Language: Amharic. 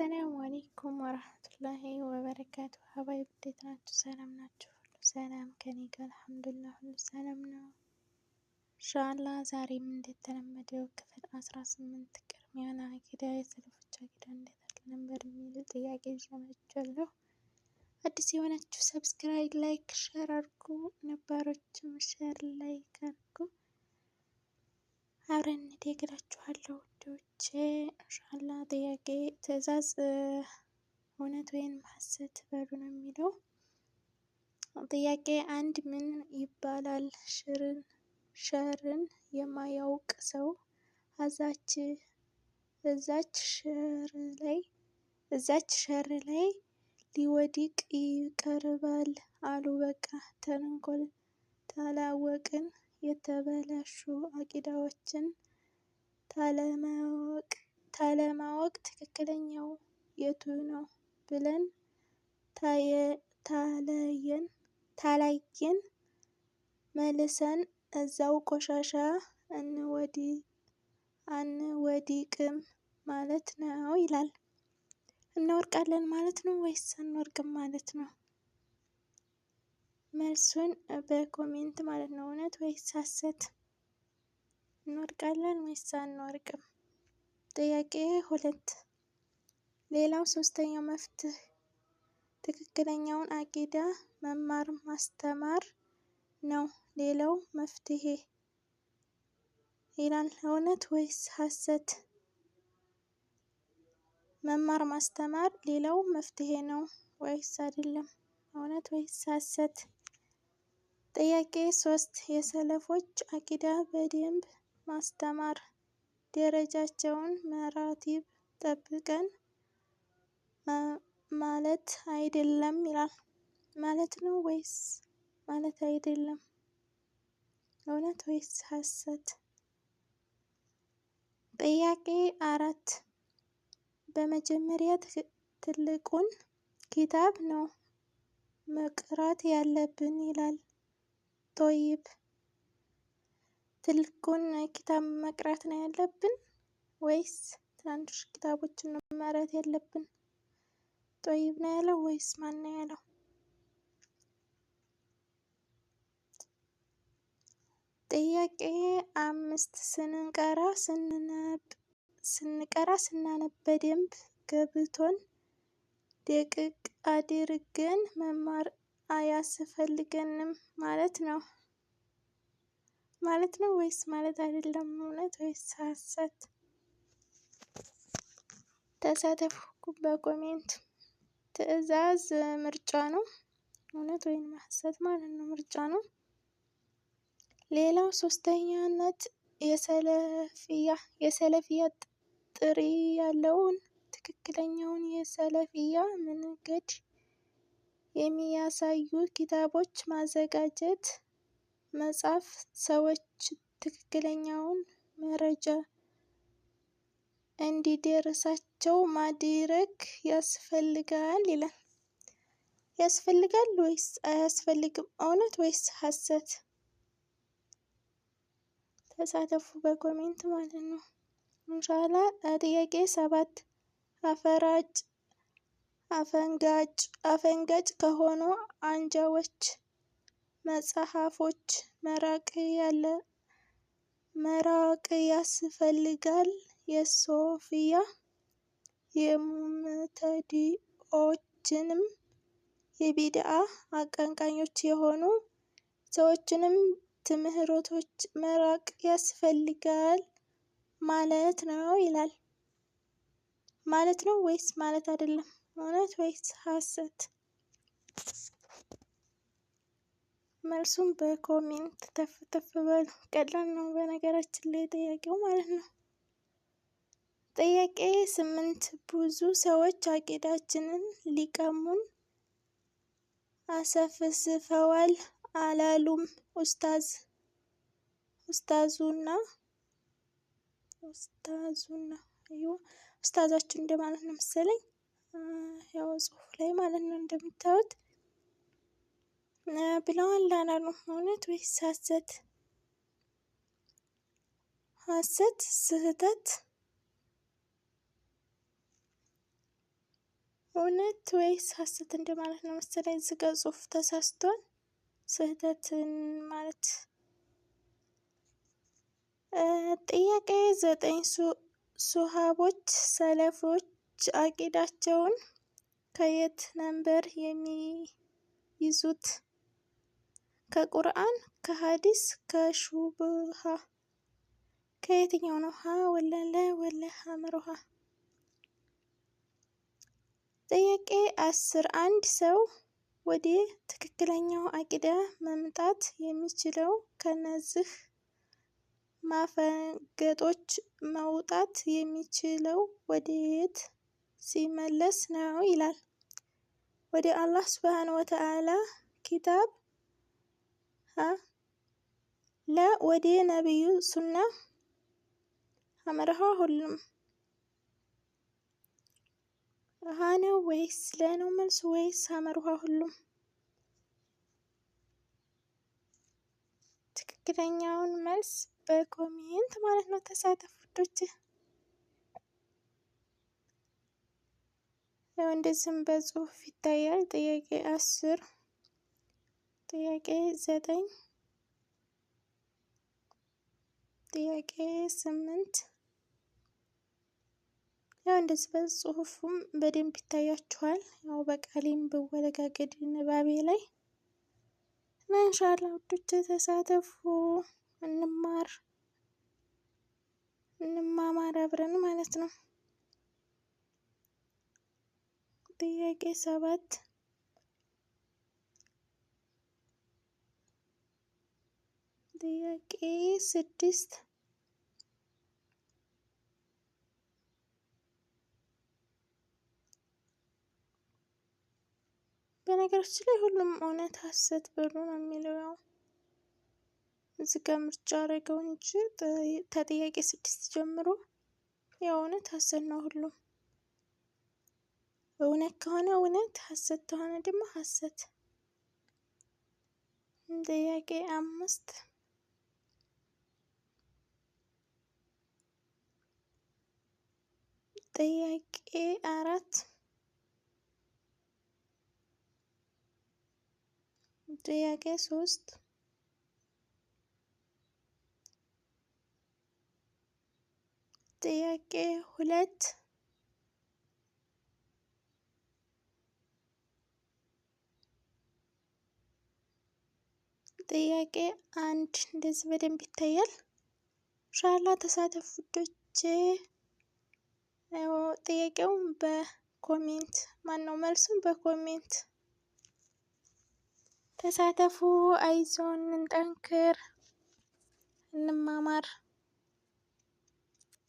ሰላም አለይኩም ወራህመቱላሂ ወበረካቱ። ሀባይ እንዴት ናችሁ? ሰላም ናችሁ? ሁሉ ሰላም ከኔ ጋር አልሐምዱሊላህ፣ ሁሉ ሰላም ነው። ኢንሻአላህ ዛሬም እንደተለመደው ክፍል አስራ ስምንት ቅድሚያ አቂዳ የሰለፎች አቂዳ እንዴት አልነበረ የሚል ጥያቄ ይዤ አዲስ የሆናችሁ ሰብስክራይብ፣ ላይክ፣ ሸር አድርጉ። ነባሮችም ሸር ላይክ አድርጉ። አብረን እንዴት እላችኋለሁ ውዶቼ። እንሻላ ጥያቄ ትእዛዝ እውነት ወይም ሀሰት በሉ ነው የሚለው ጥያቄ አንድ ምን ይባላል? ሽርን ሸርን የማያውቅ ሰው አዛች እዛች ሸር ላይ እዛች ሸር ላይ ሊወድቅ ይቀርባል አሉ። በቃ ተንኮል ታላወቅን የተበላሹ አቂዳዎችን ታለማወቅ ትክክለኛው የቱ ነው ብለን ታላየን መልሰን እዛው ቆሻሻ አንወዲቅም ማለት ነው ይላል። እናወርቃለን ማለት ነው ወይስ አንወርቅም ማለት ነው? መልሱን በኮሜንት ማለት ነው። እውነት ወይስ ሐሰት? እንወርቃለን ወይስ አንወርቅም። ጥያቄ ሁለት ሌላው ሶስተኛው መፍትህ ትክክለኛውን አቂዳ መማር ማስተማር ነው ሌላው መፍትሄ ይላል። እውነት ወይስ ሐሰት? መማር ማስተማር ሌላው መፍትሄ ነው ወይስ አይደለም? እውነት ወይስ ሐሰት? ጥያቄ ሶስት የሰለፎች አቂዳ በደንብ ማስተማር ደረጃቸውን መራቲብ ጠብቀን ማለት አይደለም ይላል። ማለት ነው ወይስ ማለት አይደለም? እውነት ወይስ ሐሰት? ጥያቄ አራት በመጀመሪያ ትልቁን ኪታብ ነው መቅራት ያለብን ይላል። ቶይብ ትልቁን ኪታብ መቅረት ነው ያለብን ወይስ ትናንሽ ኪታቦችን ነው ያለብን? ጦይብ ነው ያለው ወይስ ማን ነው ያለው? ጥያቄ አምስት ስንቀራ ስንነብ ስንቀራ ስናነብ በደንብ ገብቶን ደቅቅ አድርገን መማር አያስፈልገንም ማለት ነው ማለት ነው ወይስ ማለት አይደለም? እውነት ወይስ ሀሰት? ተሳተፉ በኮሜንት። ትዕዛዝ ምርጫ ነው። እውነት ወይም ሀሰት ማለት ነው፣ ምርጫ ነው። ሌላው ሶስተኛነት የሰለፊያ የሰለፊያ ጥሪ ያለውን ትክክለኛውን የሰለፊያ መንገድ የሚያሳዩ ኪታቦች ማዘጋጀት። መጽሐፍ ሰዎች ትክክለኛውን መረጃ እንዲደርሳቸው ማድረግ ያስፈልጋል ይላል። ያስፈልጋል ወይስ አያስፈልግም? እውነት ወይስ ሀሰት? ተሳተፉ በኮሜንት ማለት ነው። እንሻላ ጥያቄ ሰባት አፈራጭ አፈንጋጭ ከሆኑ አንጃዎች መጽሐፎች መራቅ ያስፈልጋል። የሶፊያ የሙብተዲዖችንም የቢድአ አቀንቃኞች የሆኑ ሰዎችንም ትምህርቶች መራቅ ያስፈልጋል ማለት ነው ይላል። ማለት ነው ወይስ ማለት አይደለም? እውነት ወይስ ሀሰት መልሱም በኮሜንት ተፍ ተፍ በሉ። ቀላል ነው በነገራችን ላይ ጥያቄው ማለት ነው። ጥያቄ ስምንት ብዙ ሰዎች አቂዳችንን ሊቀሙን አሰፍስፈዋል አላሉም? ኡስታዝ ኡስታዙና ኡስታዙና ኡስታዛችን እንደማለት ነው መሰለኝ። ያው ጽሁፍ ላይ ማለት ነው እንደምታዩት ብለዋል አላሉ። እውነት ወይስ ሐሰት? ሐሰት ስህተት እውነት ወይስ ሐሰት እንደማለት ነው መሰለኝ። እዚህ ጋር ጽሁፍ ተሳስቷል። ስህተትን ማለት ጥያቄ ዘጠኝ ሱሀቦች ሰለፎች አቂዳቸውን ከየት ነንበር የሚይዙት? ከቁርአን፣ ከሀዲስ፣ ከሹብሃ ከየትኛው ነው? ሀ ወለለ ወለ ሀመሮሃ ጥያቄ አስር አንድ ሰው ወደ ትክክለኛው አቂዳ መምጣት የሚችለው ከነዚህ ማፈንገጦች መውጣት የሚችለው ወደየት ሲመለስ ነው ይላል። ወደ አላህ ስብሃነ ወተዓላ ኪታብ ለ ወደ ነቢዩ ሱና አመርሃ ሁሉም ሃ ነው ወይስ ለ ነው መልስ ወይስ አመርሃ ሁሉም? ትክክለኛውን መልስ በኮሜንት ማለት ነው። ተሳተፉ ዶች ያው እንደዚህም በጽሁፍ ይታያል። ጥያቄ አስር ጥያቄ ዘጠኝ ጥያቄ ስምንት ያው እንደዚህ በጽሁፉም በደንብ ይታያችኋል። ያው በቃሌም በወለጋገድ ንባቤ ላይ እና እንሻላ ውዶች ተሳተፉ፣ እንማር እንማማር አብረን ማለት ነው። ጥያቄ ሰባት ጥያቄ ስድስት በነገራችን ላይ ሁሉም እውነት ሀሰት ብሎ ነው የሚለው ያው እዚህ ጋር ምርጫ አረገው እንጂ ከጥያቄ ስድስት ጀምሮ የእውነት እውነት ሀሰት ነው ሁሉም። እውነት ከሆነ እውነት፣ ሀሰት ከሆነ ደግሞ ሀሰት። ጥያቄ አምስት ጥያቄ አራት ጥያቄ ሶስት ጥያቄ ሁለት ጥያቄ አንድ እንደዚህ በደንብ ይታያል። ሻላ ተሳተፉ ውዶቼ። ጥያቄውን በኮሜንት ማነው መልሱም በኮሜንት ተሳተፉ። አይዞን፣ እንጠንክር፣ እንማማር።